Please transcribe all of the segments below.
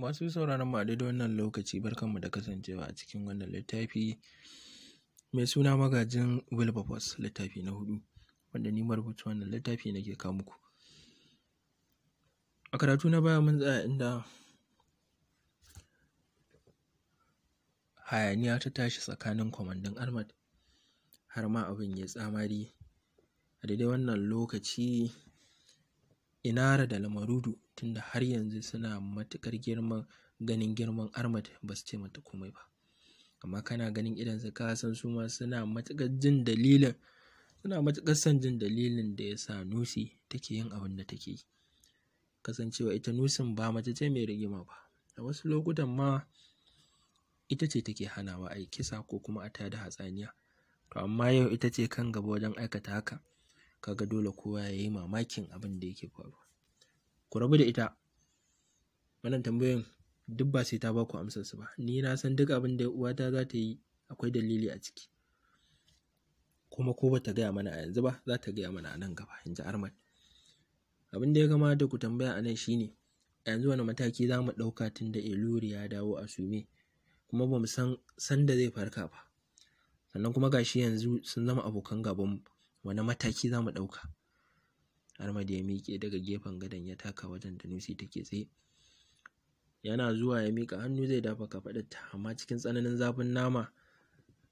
Masu sauraron mu a daidai wannan lokaci barkanmu da kasancewa a cikin wannan littafi mai suna Magajin Wilberforce littafi na hudu, wanda ni marubucin wannan littafi nake kawo muku. A karatu na baya mun tsaya inda hayaniya ta tashi tsakanin kwamandan Ahmad har ma abin ya tsamari a daidai wannan lokaci Inara da Lamarudu tunda har yanzu suna matuƙar girman ganin girman Ahmad ba su ce mata komai ba. Amma kana ganin idan su ka san su ma suna matuƙar jin dalilin suna matuƙar son jin dalilin da ya sa Nusi take yin abin da take yi. Kasancewa ita Nusin ba mace ce mai rigima ba. A wasu lokutan ma ita ce take hanawa a yi kisa ko kuma a da hatsaniya. To amma yau ita ce kan gaba wajen aikata haka. kaga dole kowa ya yi mamakin abin da yake faruwa ku rabu da ita wannan tambayoyin duk ba sai ta ba ku amsar su ba ni na san duk abin da uwata za ta yi akwai dalili a ciki kuma ko bata gaya mana a yanzu ba za ta gaya mana a nan gaba in ji armad abin da ya kamata ku tambaya a nan shine a yanzu wani mataki za mu ɗauka tun da eluri ya dawo a sume kuma ba mu san sanda zai farka ba sannan kuma gashi yanzu sun zama abokan gabanmu wani mataki za mu ɗauka Ahmad ya miƙe daga gefen gadon ya taka wajen da Nusi take tsaye yana zuwa ya miƙa hannu zai dafa ta, amma cikin tsananin zafin nama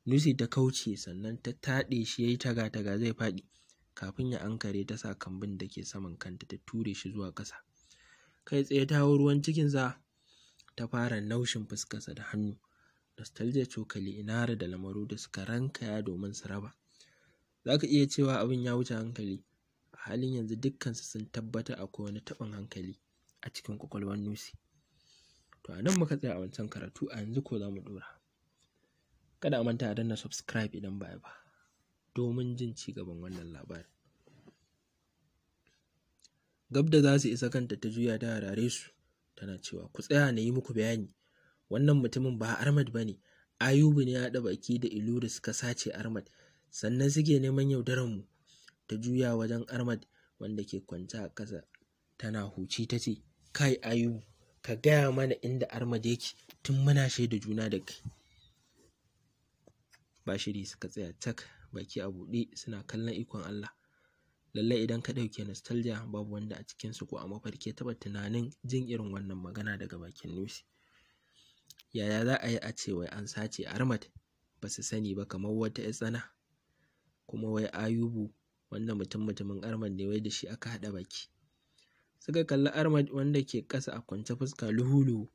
Nusi ta kauce sannan ta taɗe shi ya yi taga-taga zai faɗi kafin ya ankare ta sa kambin da ke saman kanta ta ture shi zuwa ƙasa kai tsaye ta hau ruwan cikinsa ta fara naushin fuskarsa da hannu nostalgia cokali inara da lamaru da suka rankaya domin su raba za ka iya cewa abin ya wuce hankali a halin yanzu dukkansu sun tabbata a wani taɓin hankali a cikin ƙwaƙwalwar Nusi. To a nan muka tsaya a wancan karatu a yanzu ko za mu ɗora. Kada a manta a danna subscribe idan ba ba domin jin ci gaban wannan labarin. Gab da za su isa kanta ta juya ta harare su tana cewa ku tsaya na yi muku bayani wannan mutumin ba Ahmad ba ne Ayubu ne ya baki da Iluru suka sace Ahmad sannan suke neman yaudarar mu ta juya wajen armad wanda ke kwanta a ƙasa tana huci ta ce kai ayubu ka gaya mana inda armad yake tun muna shaida juna da kai bashiri suka tsaya cak baki a buɗe suna kallon ikon Allah lallai idan ka ɗauke nostalgia babu wanda a cikinsu ko a mafarki ya taɓa tunanin jin irin wannan magana daga bakin nusi yaya za a yi a ce wai an sace armad ba su sani ba kamar wata 'yar tsana kuma wai Ayubu wanda mutum mutumin Armad ne wai da shi aka haɗa baki suka kalli Armad wanda ke ƙasa a kwance fuska luhu-luhu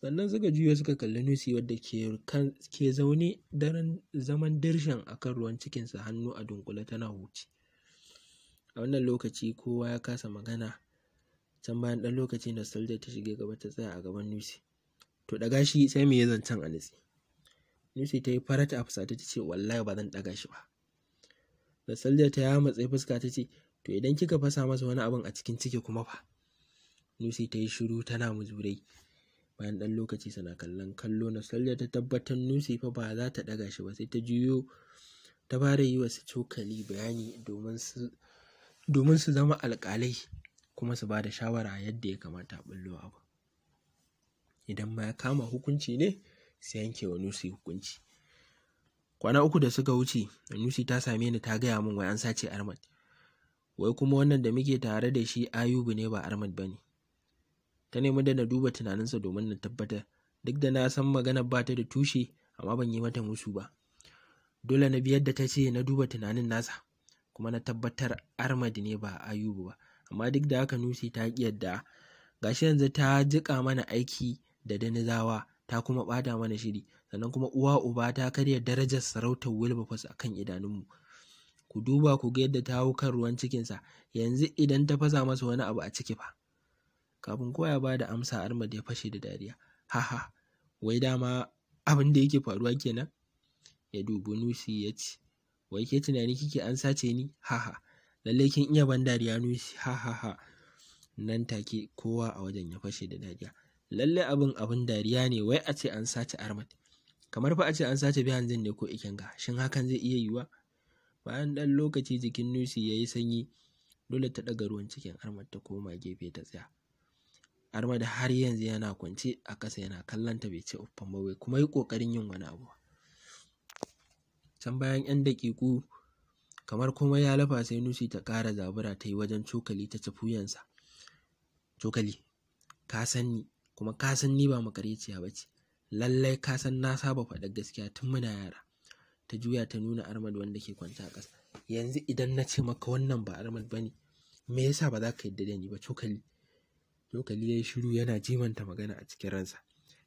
sannan suka juyo suka kalli Nusi wadda ke kan ke zaune daren zaman dirshan kan ruwan cikinsa hannu a dunkule tana huci a wannan lokaci kowa ya kasa magana can bayan ɗan lokaci Nostalgia ta shige gaba ta tsaya a gaban Nusi to ɗaga shi sai mu yi zancen a nutse Nusi ta yi farat a fusata ta ce wallahi ba zan ɗaga shi ba da salja ta ya matsayi fuska ta ce to idan kika fasa masa wani abin a cikin ciki kuma fa lucy ta yi shiru tana muzurai bayan ɗan lokaci sana kallon kallo na salja ta tabbatar lucy fa ba za ta ɗaga shi ba sai ta juyo ta fara yi wasu cokali bayani domin su zama alƙalai kuma su ba da shawara yadda ya kamata a ɓullo abu idan ma ya kama hukunci ne sai yanke wa nusi hukunci kwana uku da suka wuce Nusi ta same ni ta gaya min wai an sace Ahmad wai kuma wannan da muke tare da shi Ayubu ne ba Ahmad ne? ta nemi da na duba tunaninsa domin na tabbatar duk da na san maganar ba ta da tushe amma ban yi mata musu ba dole na biyar da ta ce na duba tunanin nasa kuma na tabbatar armad ne ba Ayubu ba amma duk da haka Nusi ta ki yadda gashi yanzu ta jiƙa mana aiki da Danizawa ta kuma ɓata mana shiri sannan kuma uwa uba ta karya darajar sarautar wilberforce a kan idanunmu ku duba ku ga yadda ta hau kan ruwan cikinsa yanzu idan ta fasa masa wani abu a ciki fa kafin kowa ya ba amsa armad ya fashe da dariya haha wai dama abin da yake faruwa kenan ya dubi nusi ya ce wai ke tunani kike an sace ni haha lallai kin iya ban dariya nusi hahaha nan take kowa a wajen ya fashe da dariya lallai abin abin dariya ne wai a ce an sace armad kamar fa a ce an sace Bihanzin ne ko Ikenga shin hakan zai iya yiwuwa bayan ɗan lokaci jikin Nusi ya yi sanyi dole ta ɗaga ruwan cikin Armad ta koma gefe ta tsaya Armad har yanzu yana kwance a ƙasa yana kallon ta bai ce uffan ba bai kuma yi ƙoƙarin yin wani abu can bayan 'yan daƙiƙu kamar komai ya lafa sai Nusi ta ƙara zabura ta yi wajen cokali ta ci cokali ka san ni kuma ka san ni ba makaryaciya ba ce lallai ka san na saba faɗar gaskiya tun muna yara ta juya ta nuna armad wanda ke kwance a ƙasa yanzu idan na ce maka wannan ba armad ba ne me yasa ba za ka yadda da ni ba cokali cokali ya yi shiru yana jimanta magana a cikin ransa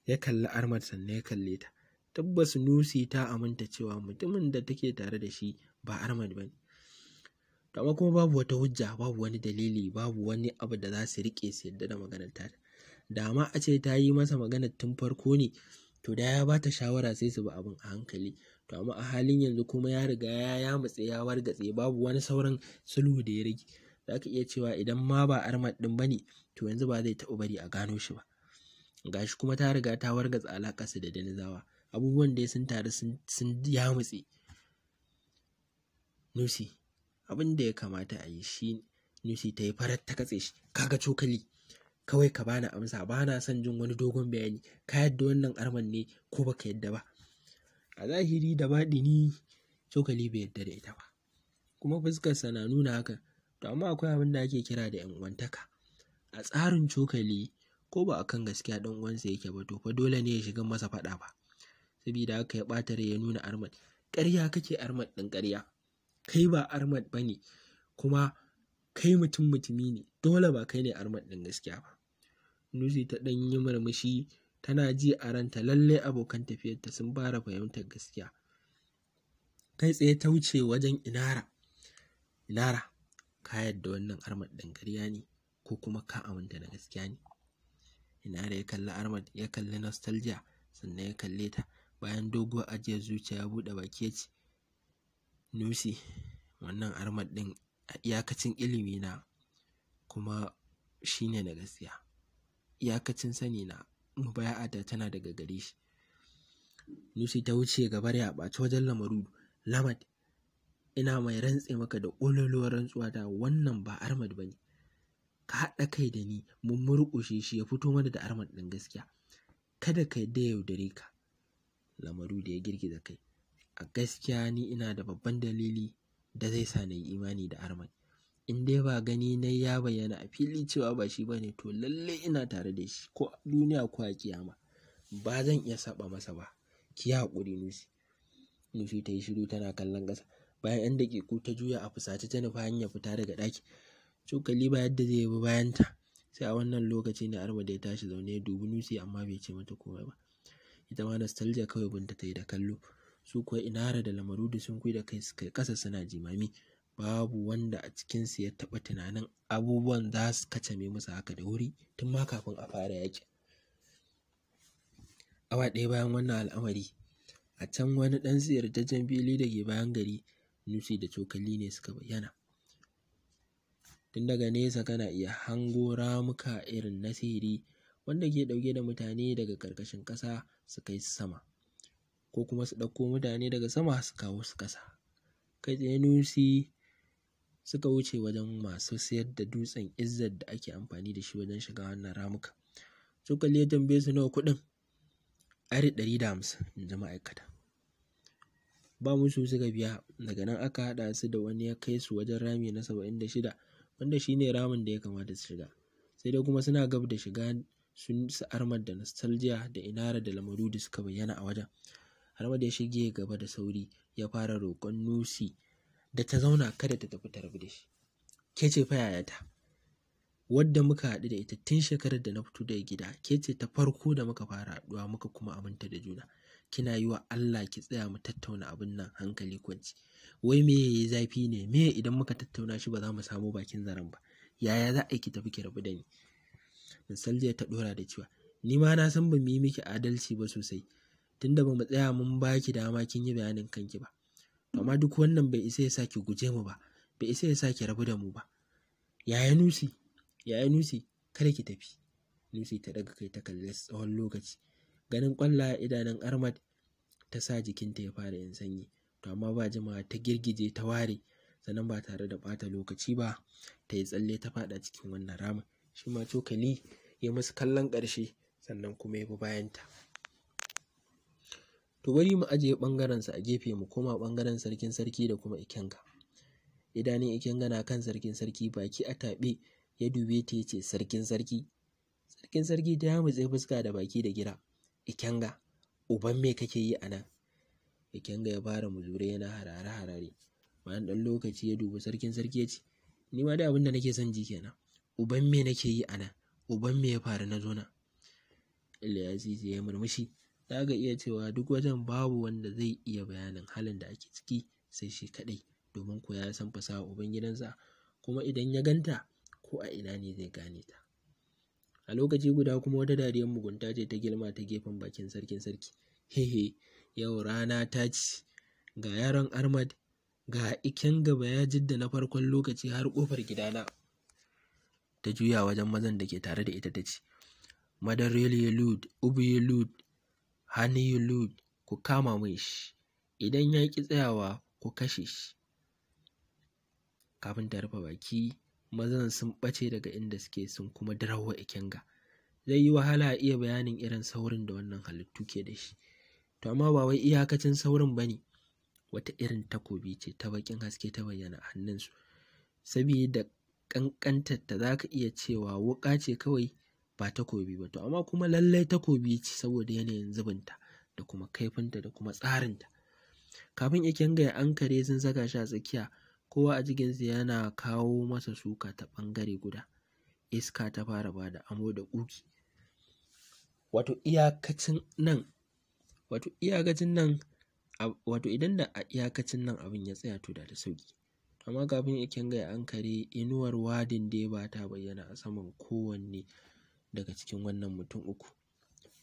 ya kalli armad sannan ya kalle ta tabbas nusi ta aminta cewa mutumin da take tare da shi ba armad ba ne kuma babu wata hujja babu wani dalili babu wani abu da za su riƙe su yadda da maganar ta Da ma ce ta yi masa magana tun farko ne to da ya ba shawara sai su bi abin a hankali. To amma a halin yanzu kuma ya riga ya ya mutse ya wargatse babu wani sauran sulhu da ya rage. Za ka iya cewa idan ma ba armad din bane to yanzu ba zai taɓa bari a gano shi ba. Gashi kuma ta riga ta wargatsa su da Danizawa. Abubuwan da sun taru sun yamutse. Nusi abin da ya kamata a yi shi Nusi ta yi farar ta katse shi. kaga cokali kawai ka bani amsa ba na son jin wani dogon bayani ka yadda wannan arman ne ko baka yadda ba a zahiri da ni cokali bai yadda da ita ba kuma fuskarsa na nuna haka to amma akwai abin da ake kira da yan'uwantaka a tsarin cokali ko ba a kan gaskiya ɗan uwansa yake ba to fa dole ne ya shiga masa faɗa ba Sabida haka ya ɓata rai ya nuna armad ƙarya kake armar ɗin ƙarya kai ba armad ba ne kuma kai mutum mutumi ne dole ba kai ne armar ɗin gaskiya ba Nusi ta ɗan yi murmushi tana ji a ranta lallai abokan tafiyarta sun fara fahimtar gaskiya. Kai tsaye ta wuce wajen Inara. Inara, ka yadda wannan armar ɗin ƙarya ne ko kuma ka aminta da gaskiya ne? Inara ya kalli armad ya kalli nostalgia sannan ya kalle ta bayan doguwar ajiyar zuciya ya buɗe baki ya ce Lucy wannan armar ɗin iyakacin ilimi na kuma shine na gaskiya. iyakacin sani na mubaya'ata tana daga gare shi Lucy ta wuce gabar ya ɓaci wajen lamaru lamad ina mai rantse maka da ƙololuwar rantsuwa ta wannan ba Ahmad bane ka haɗa kai da ni mun murƙushe shi ya fito mana da Ahmad ɗin gaskiya kada ka yadda ya yaudare ka lamaru da ya girgiza kai a gaskiya ni ina da babban dalili da zai sa na yi imani da armad in dai ba gani na ya bayyana a fili cewa ba shi ba ne to lallai ina tare da shi ko duniya ko a kiyama ba zan iya saba masa ba ki haƙuri nusi nusi ta yi shiru tana kallon ƙasa bayan yan daƙiƙu ta juya a fusace ta nufa hanyar fita daga ɗaki cokali ba yadda zai bi bayanta sai a wannan lokaci ne arma da ya tashi zaune dubi nusi amma bai ce mata komai ba ita ma nostalgia kawai binta ta yi da kallo su kuwa inara da lamarudu sun da kai suka kasa suna jimami babu wanda a cikinsu ya taɓa tunanin abubuwan za su kacame musu haka da wuri tun ma kafin a fara yakin awa ɗaya bayan wannan al'amari a can wani ɗan ziyartaccen fili da ke bayan gari nufi da cokali ne suka bayyana tun daga nesa kana iya hango ramuka irin na sihiri wanda ke ɗauke da mutane daga ƙarƙashin ƙasa su kai su sama ko kuma su ɗauko mutane daga sama su kawo su ƙasa kai tsaye nusi suka wuce wajen masu sayar da dutsen izzar da ake amfani da shi wajen shiga wannan ramuka cokali ya tambaye su nawa kuɗin ari ɗari da hamsin in ji ma'aikata ba musu suka biya daga nan aka haɗa su da wani ya kai su wajen rami na saba'in da shida wanda shi ne ramin da ya kamata su shiga sai dai kuma suna gab da shiga sun su armar da nostalgia da inara da lamaru da suka bayyana a wajen har ya shige gaba da sauri ya fara roƙon Nusi da ta zauna kada ta tafi ta da shi ke ce fa yaya ta? wadda muka haɗu da ita tun shekarar da na fito daga gida ke ce ta farko da muka fara haɗuwa muka kuma aminta da juna kina yi wa Allah ki tsaya mu tattauna abin nan hankali kwanci wai me yi zafi ne me idan muka tattauna shi ba za mu samu bakin zaren ba yaya za a yi ki tafi ki rabu da ni jiya ta ɗora da cewa ni ma na san ba mu yi miki adalci ba sosai tunda ba mu tsaya mun baki dama kin yi bayanin kanki ba amma duk wannan bai isa ya sa ki guje mu ba bai isa ya sa ki rabu da mu ba yaya nusi yaya nusi kada ki tafi nusi ta daga kai ta kalli tsawon lokaci ganin kwalla idanun armad ta sa jikinta ya fara yin sanyi to amma ba jimawa ta girgije ta ware sannan ba tare da bata lokaci ba ta yi tsalle ta faɗa cikin wannan ramin shi ma cokali ya musu kallon ƙarshe sannan kuma ya bi bayanta to bari mu ajiye ɓangarensa a gefe mu koma ɓangaren sarkin sarki da kuma ikenga idanun ikenga na kan sarkin sarki baki a taɓe ya dube ta ya ce sarkin sarki sarkin sarki ta yamutse fuska da baki da gira ikenga uban me kake yi a nan ikenga ya fara muzure yana harare harare bayan ɗan lokaci ya dubi sarkin sarki ya ce ni ma da abin da nake son ji kenan uban me nake yi a nan uban me ya faru na zo na Ilyasi ya murmushi za ka iya cewa duk wajen babu wanda zai iya bayanin halin da ake ciki sai shi kaɗai domin ko ya san fasahar ubangidansa kuma idan ya ganta ko a ina ne zai gane ta a lokaci guda kuma wata dariyar mugunta ce ta girma ta gefen bakin sarkin sarki hehe yau rana ta ci ga yaron armad ga iken gaba ya jidda na farkon lokaci har kofar gidana ta juya wajen mazan da ke tare da ita ta ce madarele lud ya lud lud ku kama mai shi, idan ya ƙi tsayawa ku kashe shi. Kafin ta rufe baki, mazan sun ɓace daga inda suke sun kuma darawa Ikenga. Zai yi wahala a iya bayanin irin saurin da wannan halittu ke da shi. To amma ba wai iyakacin saurin ba ne, wata irin takobi ce ta baƙin haske ta bayyana a hannunsu. Sabida ƙanƙantarta za ka iya cewa wuƙa ce kawai ba takobi ba to amma kuma lallai takobi ce saboda yanayin zubinta da kuma kaifinta da kuma tsarinta kafin ikenga ya ankare sun saka shi a tsakiya kowa a jikinsa yana kawo masa suka ta bangare guda iska ta fara bada amo da ƙuki wato iyakacin nan wato iyakacin nan wato idan da a iyakacin nan abin ya tsaya to da da sauki amma kafin ikenga ya ankare inuwar wadin dai ba ta bayyana a saman kowanne daga cikin wannan mutum uku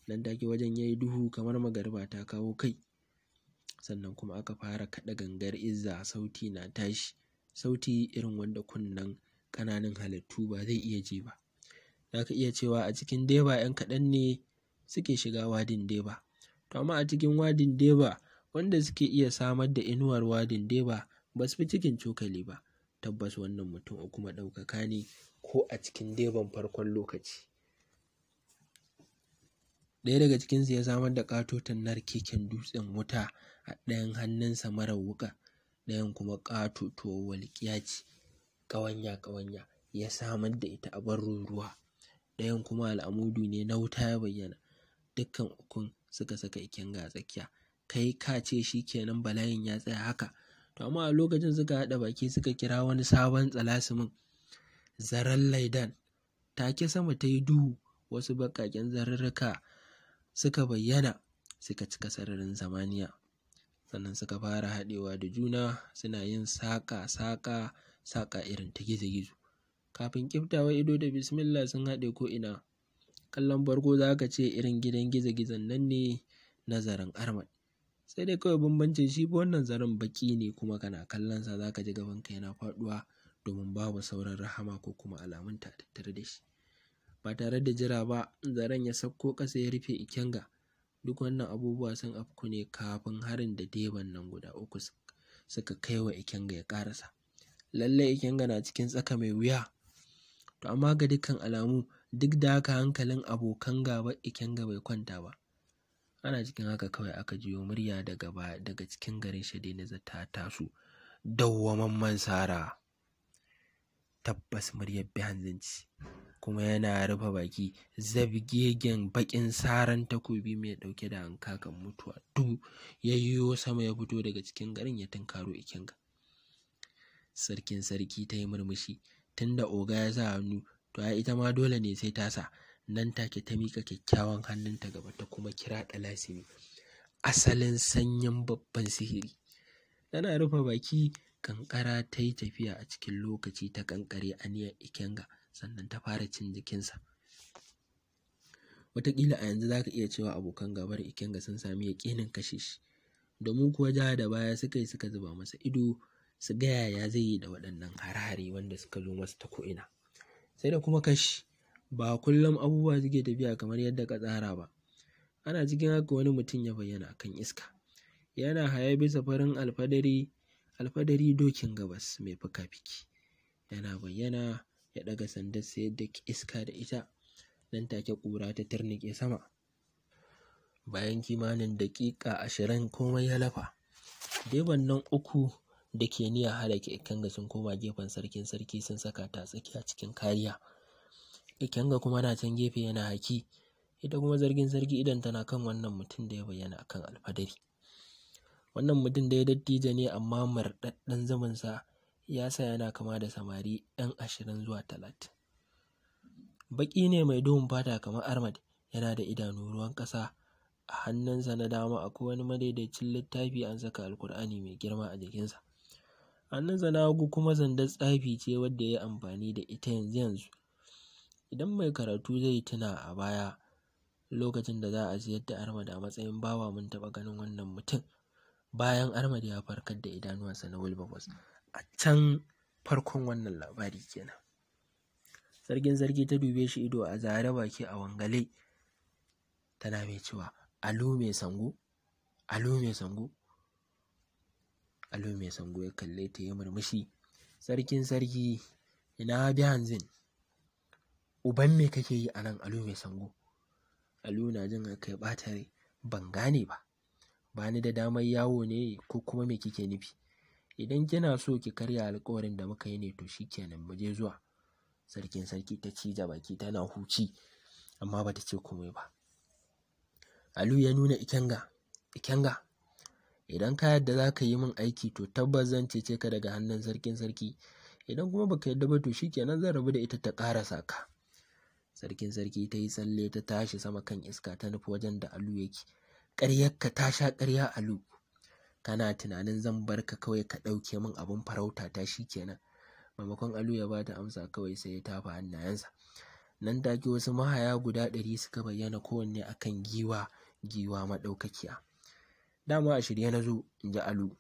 nan take wajen yayi duhu kamar magariba ta kawo kai sannan kuma aka fara kaɗa gangar izza sauti na tashi sauti irin wanda kunnen ƙananan halittu ba zai iya ji ba zaka iya cewa a cikin deba 'yan kaɗan ne suke shiga wadin deba to amma a cikin wadin deba wanda suke iya samar da inuwar wadin deba ba su fi cikin cokali ba tabbas wannan mutum uku maɗaukaka ne ko a cikin deban farkon lokaci ɗaya daga cikinsu ya samar da ƙatoton narkeken dutsen wuta a ɗayan hannunsa mara wuƙa ɗayan kuma ƙatotuwar walƙiya ce ƙawanya ƙawanya ya samar da ita a barin ruwa ɗayan kuma al'amudu ne na wuta ya bayyana dukkan ukun suka saka ikenga a tsakiya kai ka ce shi kenan bala'in ya tsaya haka to amma a lokacin suka haɗa baki suka kira wani sabon tsalasimin zaren laidan take sama ta yi duhu wasu baƙaƙen zarurruka suka bayyana suka cika sararin samaniya sannan suka fara haɗewa da juna suna yin saƙa-saƙa saƙa irin ta gizo-gizo kafin ƙiftawa ido da bismillah sun haɗe ko ina kallon farko za ka ce irin gidan gizo-gizon nan ne na zaren armad sai dai kawai bambancin shi fa wannan zaren baƙi ne kuma kana kallon sa za ka ji gabanka yana faɗuwa domin babu sauran rahama ko kuma alamun a tattare da shi ba tare da jira ba zaren ya sauko ƙasa ya rufe ikenga duk wannan abubuwa sun afku ne kafin harin da deban nan guda uku suka kai wa ikenga ya ƙarasa lallai ikenga na cikin tsaka mai wuya to amma ga dukkan alamu duk da haka hankalin abokan gaba ikenga bai kwanta ba ana cikin haka kawai aka jiyo murya daga ba daga cikin garin na ta taso dawwamamman sara tabbas muryar bihanzanci kuma yana rufe baki zabgegen bakin saran takobi mai dauke da hankakan mutuwa du yayyo sama ya fito daga cikin garin ya tunkaro ikinga sarkin sarki ta yi murmushi tunda oga ya sa hannu to ai ita ma dole ne sai ta sa nan take ta mika kyakkyawan hannunta gaba ta kuma kira ɗalasimi asalin sanyin babban sihiri tana rufe baki kankara ta yi tafiya a cikin lokaci ta kankare aniyar ikenga sannan ta fara cin jikinsa wataƙila a yanzu za ka iya cewa abokan gabar ikenga sun sami yaƙinin kashe shi domin kuwa ja da baya suka yi suka zuba masa ido su ga yaya zai yi da waɗannan harare wanda suka zo masa ta ko'ina sai da kuma kashi ba kullum abubuwa suke tafiya kamar yadda ka tsara ba ana cikin haka wani mutum ya bayyana a kan iska yana haye bisa farin alfadari alfadari dokin gabas mai fuka-fiki yana bayyana ya ɗaga sandar sai da iska da ita nan take ƙura ta turnike sama bayan kimanin daƙiƙa ashirin komai ya lafa deban nan uku da ke hada halake Ikenga sun koma gefen sarkin sarki sun saka ta tsakiya cikin kariya Ikenga kuma na can gefe yana haki ita kuma zargin sarki idan tana kan wannan mutum da ya bayyana akan alfadari wannan mutum da ya dattijo ne amma marɗaɗɗen zamansa ya sa yana kama da samari 'yan ashirin zuwa talatin. Baƙi ne mai duhun fata kamar Ahmad yana da idanu ruwan ƙasa a hannunsa na dama a koWani madaidaicin littafi an saka alkur'ani mai girma a jikinsa. Hannunsa na hagu kuma sandar tsafi ce wadda ya yi amfani da ita yanzu yanzu. Idan mai karatu zai tuna a baya lokacin da za a siyar da Ahmad a matsayin bawa mun taɓa ganin wannan mutum bayan Ahmad ya farkar da idanuwansa na Wilberforce. a can farkon wannan labari kenan sarkin sarki ta dube shi ido a zare baki a wangale tana mai cewa alu mai sango alu mai sango alu mai sango ya kalle ta yi murmushi sarkin sarki ina bi hanzin uban me kake yi a nan alu mai sango alu na jin kai bata ban gane ba ba ni da damar yawo ne ko kuma me kike nufi idan kina so ki karya alƙawarin da muka yi ne to shi mu je zuwa sarkin sarki ta da baki tana huci amma ba ta ce komai ba alu ya nuna Ikenga Ikenga idan ka yadda za ka yi min aiki to tabbas zan cece ka daga hannun sarkin sarki idan kuma baka yadda ba to shikenan zan rabu da ita ta ƙarasa ka sarkin sarki ta yi tsalle ta tashi sama kan iska ta nufi wajen da alu yake Karyarka ta sha karya alu kana tunanin zan bar ka kawai ka ɗauke min abin farauta ta shi kenan maimakon alu ya bata amsa kawai sai ya tafa hannayensa nan take wasu mahaya guda ɗari suka bayyana kowanne akan giwa giwa maɗaukakiya dama a shirye na zo in ji Alu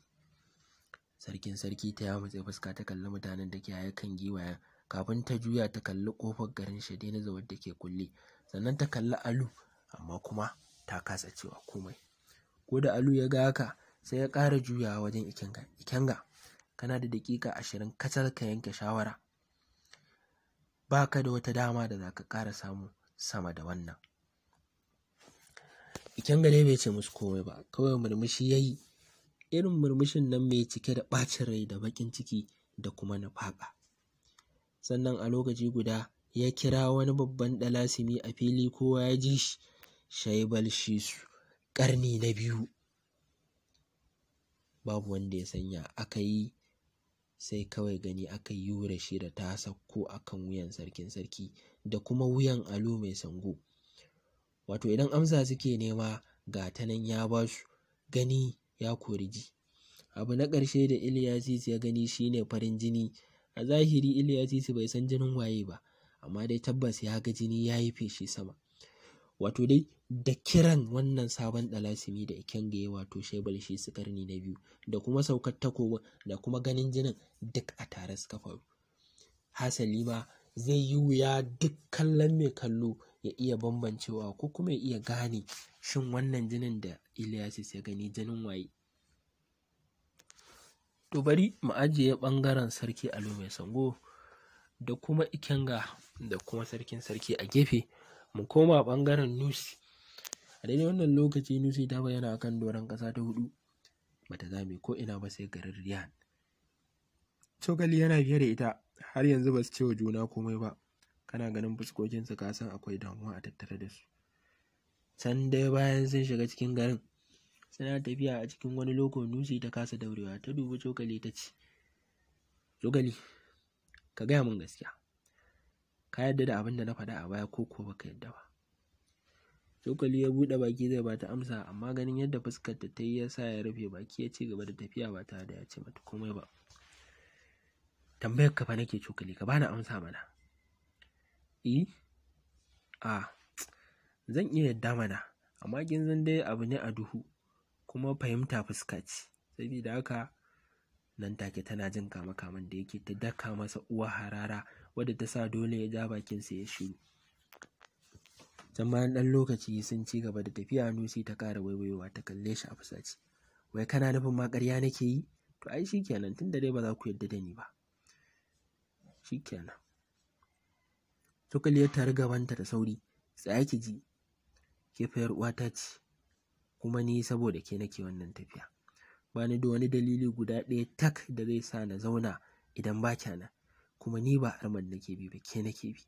sarkin sarki ta ya matsayi fuska ta kalli mutanen da ke haye kan giwayen kafin ta juya ta kalli kofar garin na zawar da ke kulle sannan ta kalli Alu amma kuma ta kasa cewa komai ko da Alu ya ga haka sai ya ƙara juyawa wajen ikenga ikenga kana da daƙiƙa ashirin kacal ka yanke shawara baka da wata dama da za ka ƙara samu sama da wannan ikenga ne bai ce musu komai ba kawai murmushi ya yi irin murmushin nan mai cike da ɓacin rai da baƙin ciki da kuma nufaƙa sannan a lokaci guda ya kira wani babban ɗalasimi a fili kowa ya ji shi shaibal shi su ƙarni na biyu babu wanda ya sanya aka yi sai kawai gani aka yi da ta sakko akan wuyan sarkin sarki da kuma wuyan alo mai sango wato idan amsa suke nema ga ta nan ya ba su gani ya kori ji abu na ƙarshe da Ilyasis ya gani shine farin jini a zahiri Ilyasis bai san jinin waye ba amma dai tabbas ya ga jini ya yi feshi sama wato dai da kiran wannan sabon dalasimi da ikenga ya wato shebal shi su karni na biyu da kuma saukar takowa da kuma ganin jinin duk a tare suka faru hasali ma zai yi wuya duk kallon mai kallo ya iya bambancewa ko kuma ya iya gane shin wannan jinin da Iliyasis ya gani jinin waye to bari mu ajiye ɓangaren sarki Alu mai sango da kuma ikenga da kuma sarkin sarki a gefe mu koma bangaren Nusi. A daidai wannan lokaci Nusi ta bayyana a kan doron ƙasa ta hudu bata zame ko ina ba sai garin riyan Cokali yana fiye da ita har yanzu ba su ce wa juna komai ba. Kana ganin fuskokinsa, ka san akwai damuwa a tattare da su. Can dai bayan sun shiga cikin garin suna tafiya a cikin wani loko Nusi ta kasa daurewa ta dubi cokali ta ce, Cokali, ka gaya mun gaskiya. ka yadda da abin da na faɗa a baya ko ko baka yadda ba cokali ya buɗe baki zai bata amsa amma ganin yadda fuskar ta ta yi ya sa ya rufe baki ya ce gaba da tafiya ba tare da ya ce mata komai ba tambayar ka fa nake cokali ka bani amsa mana i e, a zan iya yarda mana amma kin dai abu ne a duhu kuma fahimta fuska ce sabida haka nan take tana jin kama kaman da yake ta daka masa uwa harara wadda ta sa dole ya ja bakinsa ya shiru can bayan ɗan lokaci sun ci gaba da tafiya nusi ta ƙara waiwayowa ta kalle shi a fusace wai kana nufin ma ƙarya nake yi to ai shi kenan tunda dai ba za ku yarda da ni ba shi kenan tukuliyar ta banta da sauri tsaya ki ji ke fayar ta ce kuma ni saboda ke nake wannan tafiya ba ni da wani dalili guda ɗaya tak da zai sa na zauna idan ba kya kuma ni ba Ahmad nake bi ba ke nake bi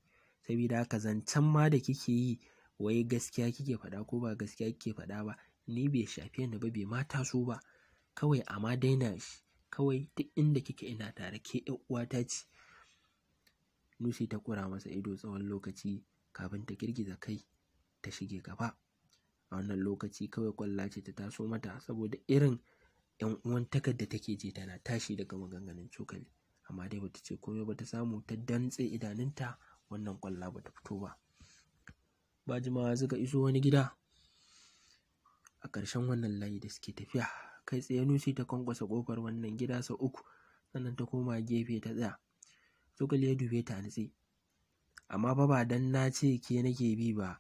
saboda haka zancen ma da kike yi wai gaskiya kike faɗa ko ba gaskiya kike faɗa ba ni bai shafi ni ba bai mata so ba kawai amma daina shi kawai duk inda kike ina tare ke ƴan uwata ce Nusi ta kura masa ido tsawon lokaci kafin ta girgiza kai ta shige gaba a wannan lokaci kawai kwalla ce ta taso mata saboda irin 'yan uwan takarda take je tana tashi daga maganganun cokali amma dai bata ce komai ba ta samu ta dantse idanunta wannan kwalla bata fito ba ba jimawa suka iso wani gida a ƙarshen wannan layi da suke tafiya kai tsaye nusi ta kwankwasa kofar wannan gida sau uku sannan ta koma gefe ta tsaya zogale ya dube ta nutse amma fa ba dan na ce ke nake bi ba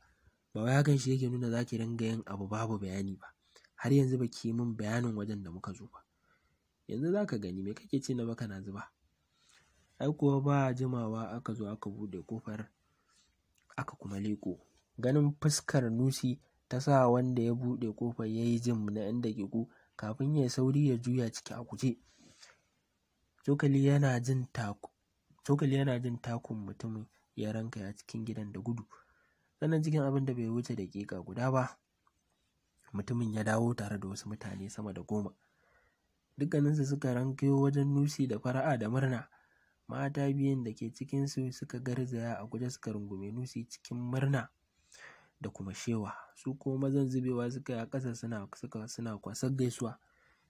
ba wai hakan shi yake nuna zaki ki dinga yin abu babu bayani ba har yanzu baki ki min bayanin wajen da muka zo ba yanzu zaka gani me kake ce na baka na zuba ai kuwa ba jimawa aka zo aka buɗe ƙofar aka kuma leƙo ganin fuskar nusi ta sa wanda ya buɗe ƙofar ya yi jim na yan ku kafin ya sauri ya juya ciki a guje cokali yana jin takun mutumin ya rankaya cikin gidan da gudu sannan cikin abin da bai wuce daƙiƙa guda ba mutumin ya dawo tare da wasu mutane sama da goma dukkaninsu suka rankayo wajen nusi da fara'a da murna Mata biyun da ke cikinsu suka garzaya a guje suka rungume Lucy cikin murna da kuma shewa. Su kuma mazan zubewa suka yi a ƙasa suna suka suna kwasar gaisuwa.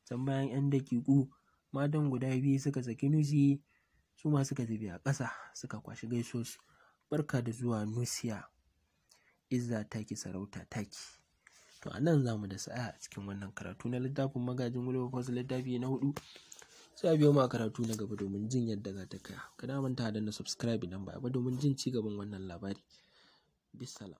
Can bayan 'yan dakiku matan guda biyu suka saki Lucy su ma suka zube a ƙasa suka kwashi gaisuwarsu. Barka da zuwa Nusiya, Izza taki sarauta taki. To a nan za mu aya a cikin wannan karatu na littafin magajin Wilberforce littafi na hudu. sai a biyo ma karatu na gaba domin jin yadda za ta kaya kada manta da na subscribe nan ba ba domin jin ci gaban wannan labari bisalam